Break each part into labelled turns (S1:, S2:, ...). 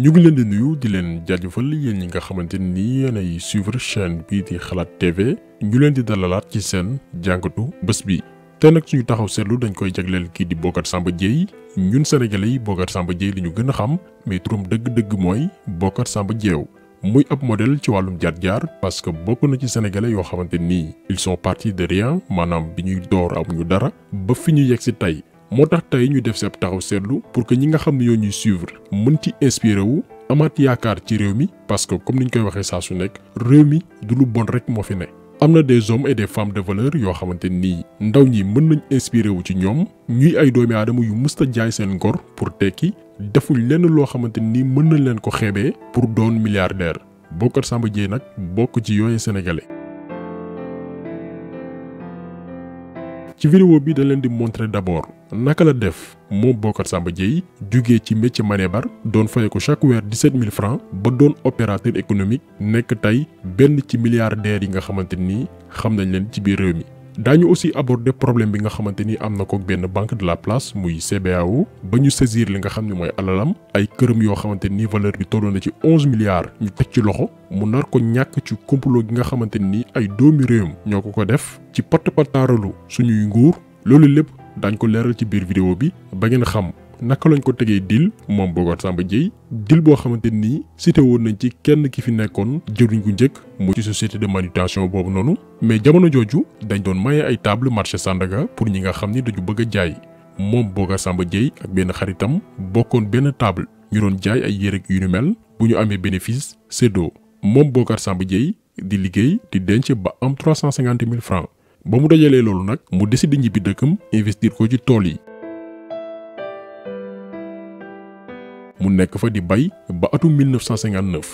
S1: ñu ngi leen di nuyu di leen jaajëfal yéen ñi nga xamante ni yéen ay suivre chaîne bii di xalaat tv ñu leen di dalalaat ci seen jàngatu bés bi te nag suñu taxaw seetlu dañ koy jagleel kii di Bocar Samba Dieye ñun sénégalais yi Bocar Samba Dieye li ñu gën a xam mais turam dëgg-dëgg mooy Bocar Samba Diéw muy ab modèle ci wàllum jaar-jaar parce que bokk na ci sénégalais yoo xamante ni ils sont partis de rien maanaam bi ñuy door amuñu dara ba fi ñu yegg si tey motax tay ñu def sep taxaw seetlu pour que ñi nga xamni ne ñoo ñuy suivre mën ci inspiré wu amaat yaakar ci réew mi parce que comme niñ koy waxee sa su nek réew mi du lu bon rek mo fi ne. amna des hommes et des femmes de valeur yo xamanteni ndaw ñi mën nañ inspiré wu ci ñom ñuy ay doomi adam yu musta jaay seen gor pour tekki deful lenn lo xamanteni mën nañ leen ko xébé pour doon milliardaire Bocar Samba Dièye nag ci yoyé sénégalais. ci vidéo bi dañ leen di montrer d'abord naka la def moom bokkat Samba Dièye jugee ci métier manébar doon fayee ko chaque weer 17000 francs ba doon opérateur économique nekk tey benn ci milliardaire yi nga xamante ni xam nañ leen ci biir réew mi. dañu aussi aborder problème bi nga xamanteni amna am na banque de la place muy CBAO bañu saisir li nga xamni moy alalam ay kërëm yo xamanteni valeur bi tolo na ci 11 milliards ñu tek ci loxo mu nar ko ñak ci complot gi nga xamanteni ay domi réewam ñoko ko def ci porte portaaralu suñuy nguur lolu lepp dañ ko leral ci biir vidéo bi ba ngeen xam naka lañ ko tegee dil moom Bocar Samba Dièye dil boo xamante nii cité woon nañ ci kenn ki fi nekkoon jëriñ gu njëkk mu ci société de manutention boobu noonu mais jamono jooju dañ doon maye ay table marché Sandaga pour ñi nga xam ni dañu bëgg a jaay moom Bocar Samba Dièye ak benn xaritam bokkoon benn table ñu doon jaay ay yérek yu ñu mel bu ñu amee bénéfice séddoo moom Bocar Samba Dièye di liggéey di denc ba am 350 000 francs ba mu dajalee loolu nag mu décidé ñibbi dëkkam investir ko ci tool yi mu nekk fa di bay ba atum 1959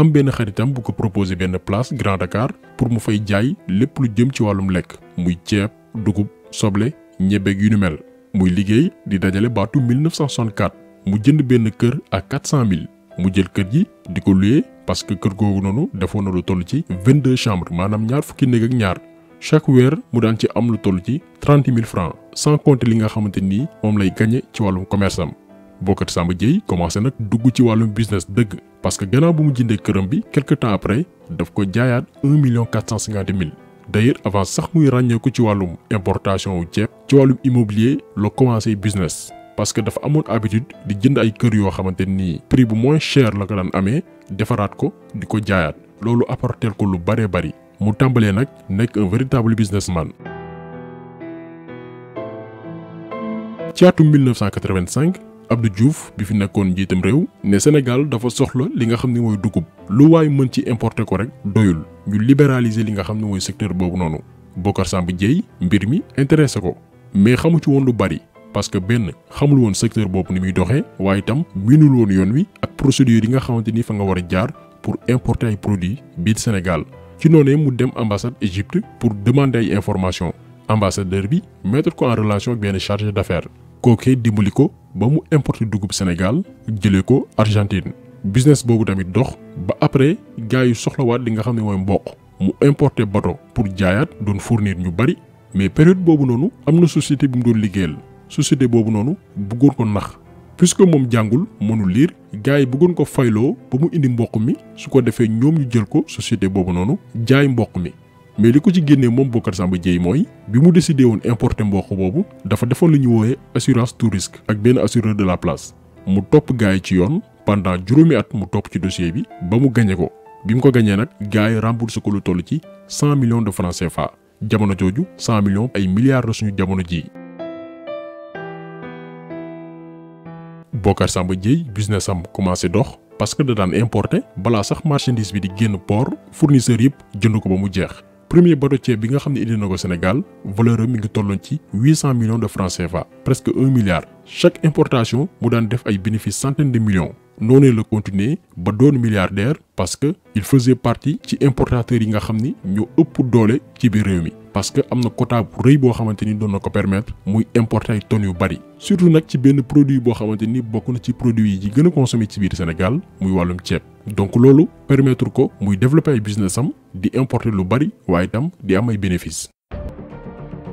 S1: am benn xaritam bu ko proposé benn place Grand Dakar pour mu fay jaay lépp lu jëm ci wàllum lekk muy ceeb dugub soble ñebeeg yu ni mel muy liggéey di dajale ba atum 1964 mu jënd benn kër ak 400000 mu jël kër gi di ko loué parce que kër googu noonu defoon na lu toll ci vingt 22 chambres maanaam ñaar fukki néeg ak ñaar chaque weer mu daan ci am lu toll ci 30 000 francs sans compter li nga xamante ni moom lay gagné ci wàllum commerce am. Bocar Samba jey commencé nak dugg ci walum business deug parce que gannaaw bu mu jëndee kërëm bi quelques temps après daf ko jaayat 1 million 450000 d'ailleurs avant sax muy ragné ko ci walum importation wu ceeb ci walum immobilier lo commencé business parce que dafa amone habitude di jënd ay kër yo xamanteni prix bu moins cher la ko dan amé défarat ko diko jaayat lolu apporter ko lu bari bari mu tambalé nak nek un véritable businessman ci 1985 Abdou Diouf bi fi nekkoon njiitam réew ne Sénégal dafa soxla li nga xam ne mooy dugub lu waay mën ci importer ko rek doyul ñu libéraliser li nga xam ne mooy secteur boobu noonu Bocar mbir mi intéressé ko mais xamu ci woon lu bari parce que benn xamul woon secteur boobu ni muy doxee waaye itam miinul woon yoon wi ak procédure yi nga xamante ni fa nga war a jaar pour importer ay produits biir Sénégal ci noonee mu dem ambassade Égypte pour demander ay informations ambassadeur bi mettre ko en relation ak benn chargé d'affaires kookee dimbali ko ba mu importe dugub Sénégal jëlee ko Argentine business boobu tamit dox ba après gars yu soxlawaat li nga xam ne mooy mboq mu importé bato pour jaayaat doon fournir ñu bari mais période boobu noonu am na société bi mu doon liggéeyal société boobu noonu bëggoon ko nax puisque moom jàngul mënul liir gars yi bëggoon ko fayloo ba mu indi mboq mi su ko defee ñoom ñu jël ko société boobu noonu jaay mboq mi mais liko ci génnee mom Bokar Samba djey moy bi mu décidé won importer mbokh bobu dafa defon lu ñu assurance tout risque ak ben assureur de la place mu top gaay ci yoon pendant juróomi at mu top ci dossier bi ba mu gagné ko bi mu ko gagné nak gaay ko lu toll ci 100 millions de francs CFA jamono jooju 100 millions ay milliards suñu jamono ji Bokar Samba djey business am commencé dox parce que da dan importer bala sax marchandise bi di génn port fournisseur yëpp jëndu ko ba mu jeex premier bateautier bi nga xamni ne indi Sénégal valeur mi ngi tolloon ci 800 millions de francs CFA presque un milliard chaque importation mu daan def ay bénéfice centaines de millions noné le continuer ba doon milliardaire parce que il faisait partie ci importateur yi nga xamni ñu ëpp doolé ci bi réew mi. parce que amna quota bu reuy bo xamanteni ni doon permettre muy importer ay tonne yu bari surtout nak ci benn produit bo xamanteni bokku na ci produit yi gëna consommer ci biir Sénégal muy walum ceeb donc lolu permettre ko muy développer ay business am di importer lu bari waaye tam di am ay bénéfices.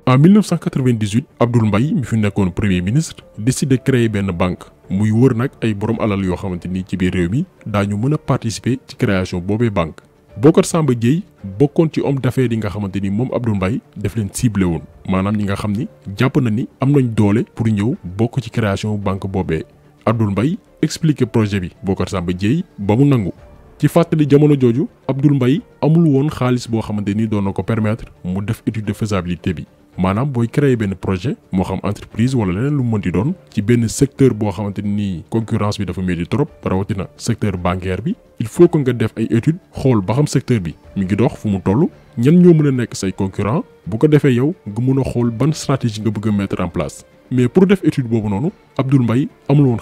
S1: en 1998 Abdoul Mbaye mi fi nekkoon premier ministre de créer ben banque muy wër nak ay borom alal yo xamanteni ci biir réew mi dañu mëna participer ci création bobé banque. Bokar Samba Dièye bokon ci homme d'affaires yi nga xamanteni mom moom Abdoul Mbaye def len ciblé woon manam ñi nga xamni japp na ni am nañ doole pour ñëw bok ci création banque bobé Abdoul Mbaye expliquer projet bi Bokar Samba jey ba mu nangu ci fatali jamono joju abdul mbay amul won xaalis bo xamanteni do nako permettre mu def étude de faisabilité bi manam boy créer ben projet mo xam entreprise wala lenen lu mënti don ci ben secteur bo xamanteni concurrence bi dafa métti trop rawatina secteur bancaire bi il faut que nga def ay étude xol ba xam secteur bi mi ngi dox fu mu tollu ñan ñoo mëna nek say concurrent bu ko defee yow nga mëna xol ban stratégie nga bëgg mettre en place mais pour def étude bobu noonu abdul mbay amul won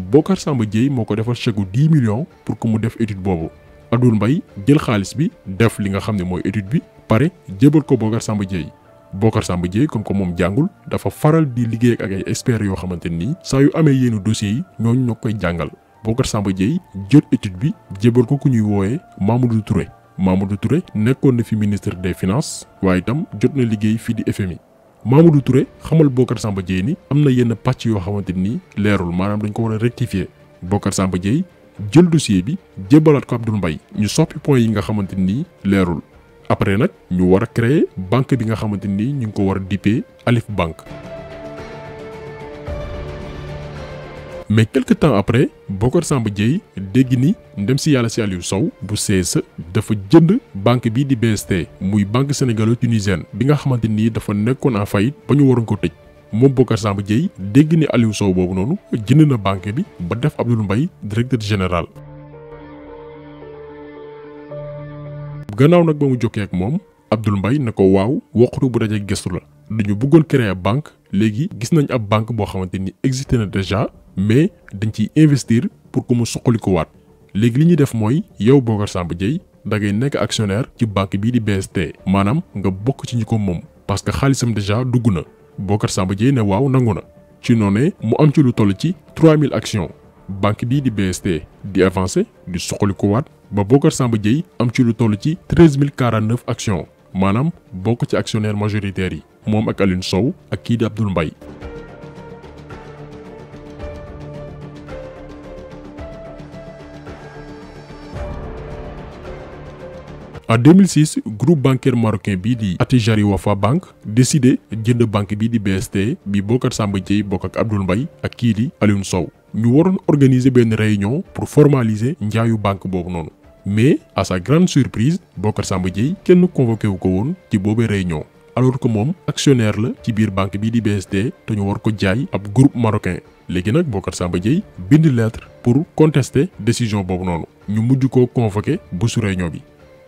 S1: Bocar Samba Dièye moo ko defal chèque gu 10 millions pour que mu def étude boobu Abdoul mbay jël xaalis bi def li nga xam ne mooy étude bi pare jëbal ko Bocar Samba Dièye Bocar Samba Dièye comme que moom jàngul dafa faral di liggéey ak ay experts yoo xamante nii saa yu amee yenn dossiers yi ñooñu ñoo koy jàngal Bocar Samba Dièye jël étude bi jébal ko ku ñuy wooyee Mamadou Touré Mamadou Touré nekkoon na fi ministre des finance waaye itam jot na liggéey fii di FMI Mamadou ture xamal Bocar Samba Dièye ni am na yenn pàcc yoo xamante ni leerul maanaam dañ ko war a rectifier Bocar Samba Dièye jël dossier bi jébbalaat ko Abdoul mbay ñu soppi point yi nga xamante ni leerul après nag ñu war a créer banque bi nga xamante ni ñu ngi ko war a dippee Alif Banque mais quelque temps après Bocar Samba Dièye dégg ni ndem si yàlla si Aliou Sow bu CSA dafa jënd banque bii di BST muy banque sénégalo-tunisienne bi nga xamante ni dafa nekkoon en faillite ba ñu waroon ko tëj moom Bocar Samba Dièye dégg ni Aliou Sow boobu noonu jënd na banque bi ba def Abdoul mbay directeur général. gannaaw nag ba mu jokkee ak moom Abdoul Mbaye ne ko waaw waxtu bu dajee gëstu la dañu bëggoon créer banque léegi gis nañ ab banque boo xamante ni existé na déjà. mais dañ ciy investir pour que mu suqalikuwaat léegi li ñuy def mooy yow bogar Samba Dièye da ngay nekk actionnaire ci banque bii di BST maanaam nga bokk ci ñi ko moom parce que xaalisam déjà dugg na Bocar Samba Dièye ne waaw nangu na ci noonee mu am ci lu toll ci 3000 actions banque bii di BST di avancé di suqalikuwaat ba Bocar Samba Dièye am ci lu toll ci 13049 actions maanaam bokk ci actionnaire majoritaire yi moom ak aline Sow ak kii di Abdoul Mbaye en 2006 le groupe bancaire marocain Bidi, di Bank, Wafa Bank décidé la banque Bidi BST bi Bocar Samba Dièye ak Abdoul Mbaye ak kii di Sow organiser réunion pour formaliser njaayu banque boobu mais à sa grande surprise Bokar Samba qui nous convoqué wu ko woon ci réunion alors que moom actionnaire la ci biir banque Bidi BST ont ñu war ko jaay groupe marocain léegi nag Bocar Samba lettre pour contester décision boobu Nous ñu mujj convoqué une réunion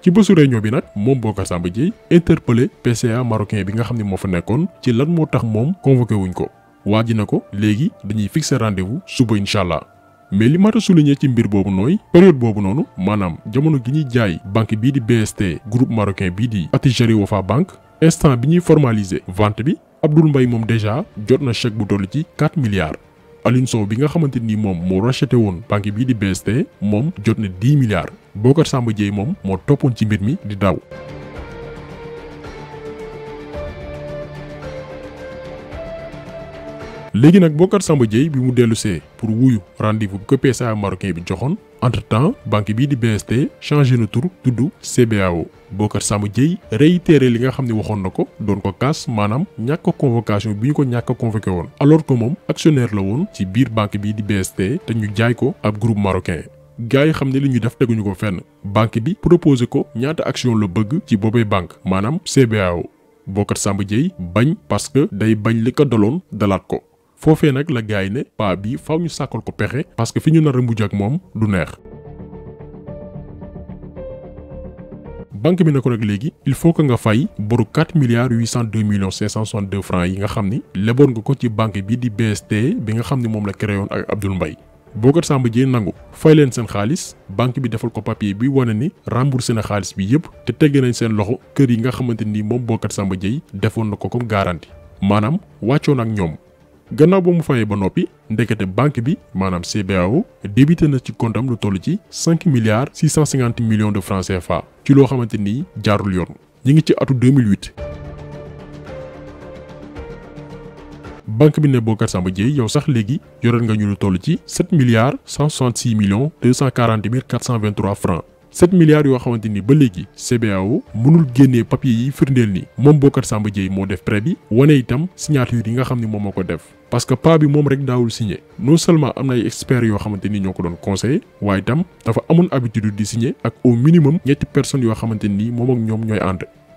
S1: ci bésu réunion bi nag moom Bocar Samba Dièye interpellé PCA marocain bi nga xam ne moo fa nekkoon ci lan moo tax moom convoqué wuñ ko waa ji na ko léegi dañuy fixer rendez-vous suba incha allah mais li mat a ci mbir boobu nooy période boobu noonu maanaam jamono gi ñuy jaay banque bii di BST groupe marocain bii di Attijari Wafa Bank instant bi ñuy formaliser vente bi Abdoul mbay moom déjà jot na chèque bu toll ci 4 milliards Alioune Sow bi nga xamante ni moom moo racheté woon banque bii di BST moom jot na 10 milliards Bocar Samba Dièye moom moo toppoon ci mbir mi di daw. léegi nag Bocar Samba Dièye bi mu dellusee pour wuyu rendez-vous bi ko PCA marocain bi joxoon entre-temps banque bii di BST changé na tur tudd CBAO Bocar Samba Dièye téere li nga xam ne waxoon na ko doon ko kaas maanaam ñàkk convocation bi ñu ko ñàkk convoqué woon alors que moom actionnaire la woon ci biir banque bii di BST te ñu jaay ko ab groupe marocain gars yi xam ne li ñu def teguñu ko fenn banque bi proposé ko ñaata action la bëgg ci boobee banque maanaam CBAO Bocar Samba Dièye bañ parce que day bañ li ko doloon dalaat ko foofee nag la gars yi ne paa bi faw ñu sàkkal ko pexe parce que fi ñu nara a mujj ak moom du neex. banque bi na ko nag léegi il faut que nga fay boru 4 milliards 802 millions 562 francs yi nga xam ni leboon nga ko ci banque bi di BST bi nga xam ni moom la créé woon ak Abdoul Mbaye Bocar Samba Dièye nangu fay leen seen xaalis banque bi defal ko papier bi wane ni remboursé na xaalis bi yëpp te tegg nañ seen loxo kër yi nga xamante ni moom Bocar Samba Dièye defoon na ko ko garantie maanaam wàccoon ak ñoom gannaaw ba mu fayee ba noppi ndekete banque bi maanaam CBAO débité na ci comptam lu toll ci cinq milliards six cent cinquante millions de francs CFA ci loo xamante ni jaarul yoon ñu ngi ci atu 2008. banque bi ne Bocar Samba Dièye yow sax legui yoroon nga ñu lu toll ci 7 milliards 166 millions 240 423 francs 7 milliards yo xamanteni ba legui CBAO mënul génnee papier yi firndel ni mom Bokar Samba Dièye moo def prêt bi woné itam signature yi nga xamni mom def parce que pas bi mom rek daawul signé non seulement amna ay experts yo xamanteni ñoko ñoo conseil. doon conseillé waaye itam dafa amone habitude di signé ak au minimum ñetti personnes yo xamanteni mom ak ñom ñoy ànd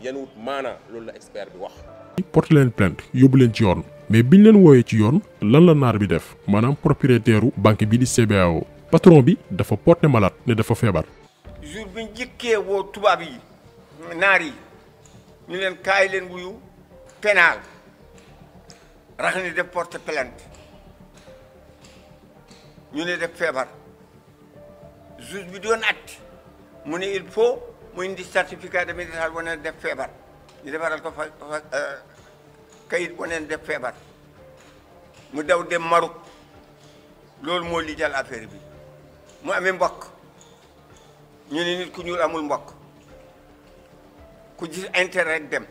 S2: yan wut loolu la expert wax.
S1: porte leen plainte yóbbu leen ci yoon mais biñ leen wooyee ci yoon lan la naar bi def maanaam propriétaire banque bi di CBAO patron bi dafa porté malade ne dafa feebar.
S2: jour bi njëkkee woo tubaab yi naar yi ñu leen kaay leen wuyu pénal rax def porte plainte ñu ne def feebar juge bi doon at mu ne il faut. mu indi certificat de médical waneen def feebar ñu defaral ko fa euh, kayit waneen def feebar mu daw dem Maroc loolu moo li jàll affaire bi mu amee mbokk ñu ne nit ku ñuul amul mbokk ku gis intérêt rek dem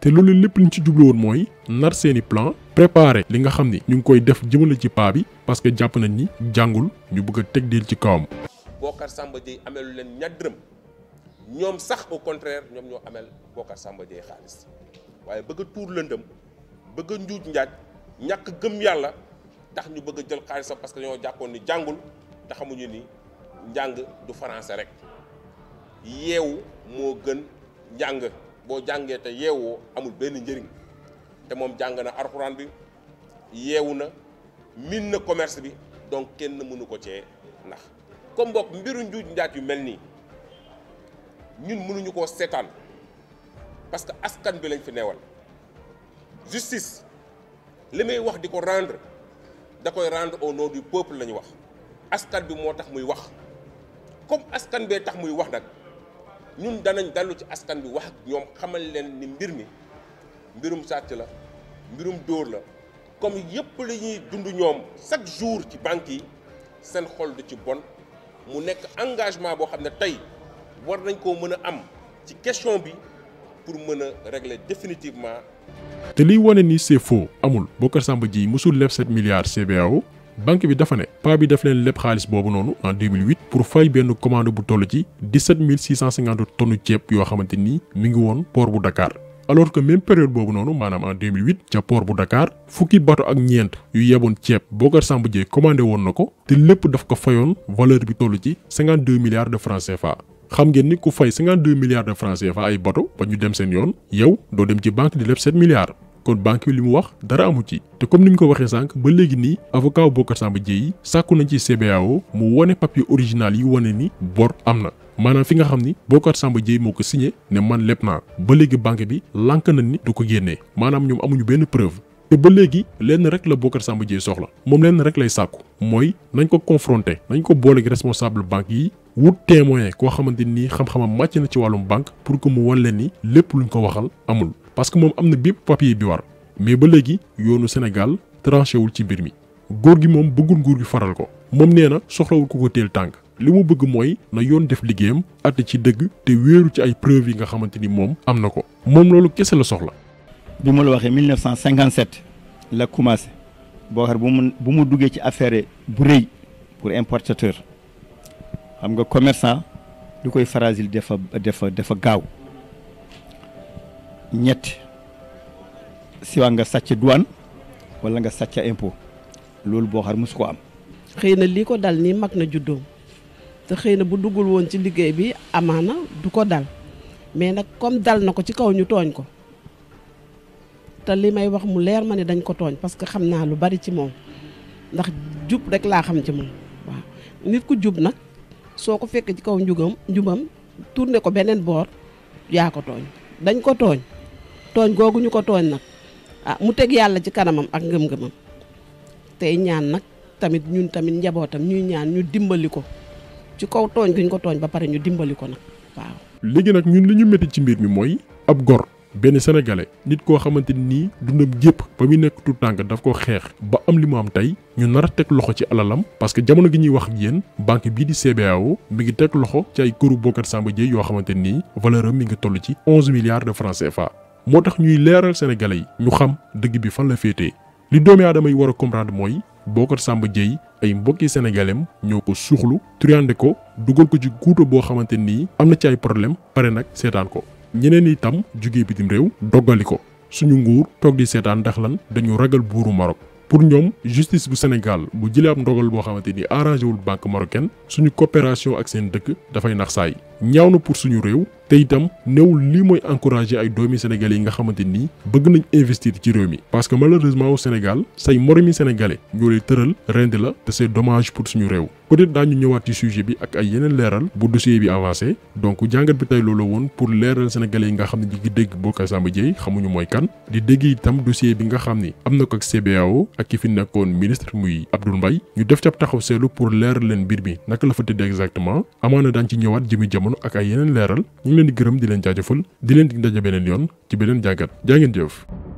S1: te loolu lépp liñ ci jublu woon mooy nar seeni plan préparé li nga xam ni ñu ngi koy def jëmale ci paa bi parce que jàpp nañ ni jàngul ñu bëgg a teg diil ci kawam. Bocar Samba Dièye amee
S2: leen ñaar dërëm ñom sax au contraire ñom ñoo amel bokkar Samba jey xaliss waye bëgg tour tuur bëgg a njuuj ñak gëm yalla tax ñu bëgg a jël xaalisam parce que ñoo jappon ni jangul te xamuñu ni jang du français rek yew mo gën jang bo jangé té amul benn njëriñ té mom jang na alcorane bi yeewu na min na commerce bi donc kenn mënu ko ci ndax comme bok mbiru yu melni ñun mënuñu koo seetaan parce que askan bi lañ fi neewal justice li muy wax di ko rendre da koy rendre au nom du peuple la ñu wax askan bi moo tax muy wax comme askan bee tax muy wax nag ñun danañ dallu ci askan bi wax ak ñoom xamal leen ni mbir mi mbirum sàcc la mbirum dóor la comme yëpp li ñuy dund ñoom chaque jour ci banque yi seen xol di ci bon mu nekk engagement boo xam ne tey war nañ koo mën am ci question bi pour mën régler définitivement.
S1: té li woné ni c'est faux amul Bocar Samba Dièye mësul leb 7 milliards CBAO banque bi dafa né pa bi daf leen lepp xaalis bobu noonu en 2008 pour fay benn commande bu tollu ci 17650 tonnes ceeb yo xamanteni mi ngi won port bu Dakar. alors que même période bobu noonu manam en 2008 ci port bu Dakar fukki bato ak ñent yu yebon ceeb Bocar Samba Dièye commandé won nako té lepp daf ko fayoon valeur bi tollu ci 52 milliards de francs CFA. xam ngeen ni ku fay 52 milliards de francs CFA ay bateau ba ñu dem seen yoon yow do dem ci banque di leb 7 milliards kon banque bi limu wax dara amu ci te comme niñ ko waxee sank ba léegi ni avocat Bocar Samba Dièye sakku nañ ci CBAO mu woné papier original yi woné ni bor amna. manam fi nga xamni ni Samba Dièye moko signé ne man leb na ba léegi banque bi lank nañ ni du ko génnee maanaam ñoom amuñu benn preuve te ba léegi lenn rek la Bocar Samba Dièye soxla mom lenn rek lay sakku moy nañ ko confronter nañ ko responsable banque yi wut témoin koo xamante nii xam-xamam màcc na ci wàllum banque pour que mu wan leen ni lépp luñ ko waxal amul parce que moom am na bépp papier bi war mais ba léegi yoonu Sénégal tranché wul ci mbir mi góor gi moom bëggul nguur gi faral ko moom nee na soxlawul ku ko teel tànk li mu bëgg mooy na yoon def liggéeyam àtte ci dëgg te wéeru ci ay preuves yi nga xamante ni moom am na ko moom loolu kese la soxla. bi ma la waxee 1957 la commencé
S2: boo xam bu mu bu mu duggee ci affaire bu rëy pour importateur. xam nga commerçant du koy fragile defa defa dafa gaaw ñett siwaa nga sàcc douane walla nga sàcc impôt loolu boo xar mosu ko am xëy na lii ko dal nii mag na juddoom te xëy na bu duggul woon ci liggéey bi amaana du ko dal mais nag comme dal na ko ci kaw ñu tooñ ko te li may wax mu leer ma ne dañ ko tooñ parce que xam naa lu bari ci moom ndax jub rek laa xam ci moom waaw nit ku jub nag soo ko fekkee ci kaw njugam njubam turne ko beneen boor yaa ko tooñ dañ ko tooñ tooñ googu ñu ko tooñ nag a ah, mu teg yàlla ci kanamam ak ngëm-ngëmam tey ñaan nag tamit ñun tamit njabootam ñuy ñaan ñu dimbali ko ci kaw tooñ gi ñu ko tooñ ba pare ñu dimbali ko nag waaw.
S1: léegi nag ñun li ñu ci mbir mi mooy ab gor. benn sénégalais nit koo xamante ni dundam gépp ba muy nekk tout tànk daf ko xeex ba am li mu am tey ñu nar loxo ci alalam parce que jamono gi ñuy wax ak yéen banque bii di CBAO mi ngi teg loxo ci ay këru bokkat Samba Dièye yoo xamante ni valeur mi ngi toll ci 11 milliards de francs CFA. moo tax ñuy leeral sénégalais yi ñu xam dëgg bi fan la féetee li doomi aadama yi war a comprendre mooy bokkat Samba Dièye ay mbokki sénégalais ñoo ko suuxlu truandé ko dugal ko ci guuto boo xamante ni am ci ay problème pare nag seetaan ko. ñeneen itam jugee bitim réew doggali ko suñu nguur toog di seetaan ndax lan dañu ragal buuru Maroc pour ñoom justice bu Sénégal bu jëlee ab ndogal boo xamante ni arrangé wul banque marocaine suñu coopération ak seen dëkk dafay nax saay ñaaw na pour suñu réew te itam néewul lii mooy encouragé ay doomi sénégalais yi nga xamanteni nii bëgg nañ investir ci réew mi parce que malheureusement au Sénégal say morimi sénégalais ñoo lay tëral rend la te c'est dommage pour suñu réew peut-être dañu ñëwaat ci sujet bi ak ay yeneen léral bu dossier bi avancé donc jàngat bi tey loolu woon pour léral sénégalais yi nga xam ne ñi ngi dégg Bocar Samba Dièye xamuñu mooy kan di dégg itam dossier bi nga xam ni am na ko ak CBAO ak ki fi nekkoon ministre muy Abdoul Mbaye ñu def cab taxaw seetlu pour léral leen mbir bi naka la fa tëdd exactement amaana daañ ci ñëwaat jëmi jamono ak ay yeneen leeral leen gërëm di leen jaajëfal di leen di ndaje beneen yoon ci beneen jàngat jaa ngeen jëf